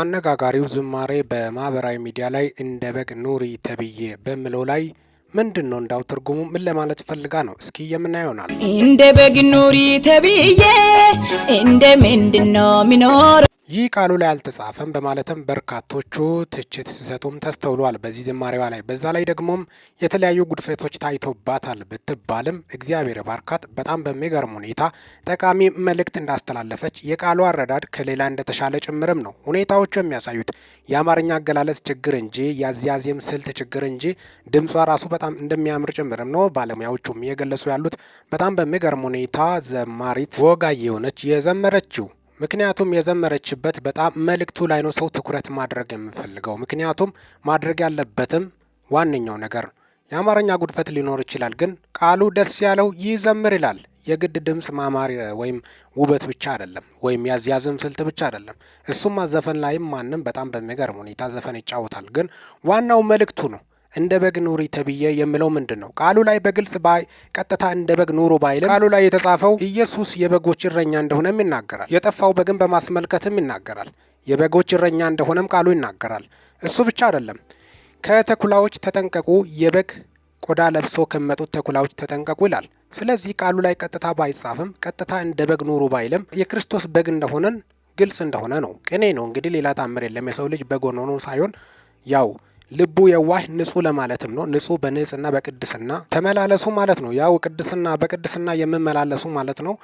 አነጋጋሪው ዝማሬ በማህበራዊ ሚዲያ ላይ እንደ በግ ኑሪ ተብዬ በምለው ላይ ምንድን ነው እንዳው ትርጉሙ ምን ለማለት ፈልጋ ነው? እስኪ የምናየው ይሆናል። እንደ በግ ኑሪ ተብዬ እንደ ምንድን ነው ሚኖር ይህ ቃሉ ላይ አልተጻፈም በማለትም በርካቶቹ ትችት ሲሰጡም ተስተውሏል። በዚህ ዝማሬዋ ላይ በዛ ላይ ደግሞም የተለያዩ ጉድፈቶች ታይቶባታል ብትባልም እግዚአብሔር ባርካት በጣም በሚገርም ሁኔታ ጠቃሚ መልእክት እንዳስተላለፈች የቃሉ አረዳድ ከሌላ እንደተሻለ ጭምርም ነው ሁኔታዎቹ የሚያሳዩት። የአማርኛ አገላለጽ ችግር እንጂ የአዝያዜም ስልት ችግር እንጂ ድምጿ ራሱ በጣም እንደሚያምር ጭምርም ነው ባለሙያዎቹም እየገለጹ ያሉት። በጣም በሚገርም ሁኔታ ዘማሪት ወጋ የሆነች የዘመረችው። ምክንያቱም የዘመረችበት በጣም መልእክቱ ላይ ነው ሰው ትኩረት ማድረግ የምፈልገው። ምክንያቱም ማድረግ ያለበትም ዋነኛው ነገር የአማርኛ ጉድፈት ሊኖር ይችላል፣ ግን ቃሉ ደስ ያለው ይዘምር ይላል። የግድ ድምፅ ማማር ወይም ውበት ብቻ አይደለም፣ ወይም ያዝያዝም ስልት ብቻ አይደለም። እሱማ ዘፈን ላይም ማንም በጣም በሚገርም ሁኔታ ዘፈን ይጫወታል፣ ግን ዋናው መልእክቱ ነው። እንደ በግ ኑሪ ተብዬ የምለው ምንድን ነው? ቃሉ ላይ በግልጽ ባይ ቀጥታ እንደ በግ ኑሩ ባይልም ቃሉ ላይ የተጻፈው ኢየሱስ የበጎች እረኛ እንደሆነም ይናገራል። የጠፋው በግን በማስመልከትም ይናገራል። የበጎች እረኛ እንደሆነም ቃሉ ይናገራል። እሱ ብቻ አይደለም። ከተኩላዎች ተጠንቀቁ፣ የበግ ቆዳ ለብሶ ከመጡት ተኩላዎች ተጠንቀቁ ይላል። ስለዚህ ቃሉ ላይ ቀጥታ ባይጻፍም ቀጥታ እንደ በግ ኑሩ ባይልም የክርስቶስ በግ እንደሆነን ግልጽ እንደሆነ ነው። ቅኔ ነው እንግዲህ ሌላ ታምር የለም። የሰው ልጅ በግ ሆኖ ሳይሆን ያው ልቡ የዋህ ንጹህ ለማለትም ነው። ንጹህ በንጽህና በቅድስና ተመላለሱ ማለት ነው። ያው ቅድስና በቅድስና የምመላለሱ ማለት ነው።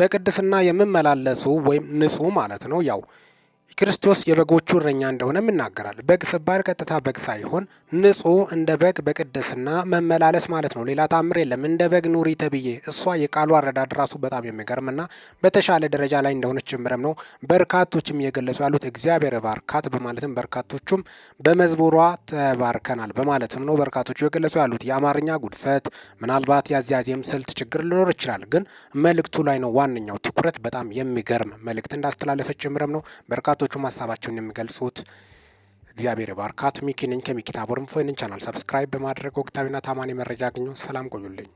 በቅድስና የምመላለሱ ወይም ንጹህ ማለት ነው። ያው ክርስቶስ የበጎቹ እረኛ እንደሆነም ይናገራል። በግ ስባል ቀጥታ በግ ሳይሆን ንጹህ እንደ በግ በቅድስና መመላለስ ማለት ነው። ሌላ ታምር የለም። እንደ በግ ኑሪ ተብዬ እሷ የቃሉ አረዳድ ራሱ በጣም የሚገርምና በተሻለ ደረጃ ላይ እንደሆነች ጭምርም ነው በርካቶችም እየገለጹ ያሉት እግዚአብሔር ባርካት በማለትም በርካቶቹም በመዝሙሯ ተባርከናል በማለትም ነው በርካቶቹ የገለጹ ያሉት። የአማርኛ ጉድፈት ምናልባት ያዚያዜም ስልት ችግር ሊኖር ይችላል። ግን መልእክቱ ላይ ነው ዋነኛው ትኩረት። በጣም የሚገርም መልእክት እንዳስተላለፈች ጭምርም ነው በርካ በርካቶቹም ሀሳባቸውን የሚገልጹት እግዚአብሔር ባርካት። ሚኪ ነኝ ከሚኪታ ቦርንፎይንን ቻናል ሰብስክራይብ በማድረግ ወቅታዊና ታማኒ መረጃ አግኙ። ሰላም ቆዩልኝ።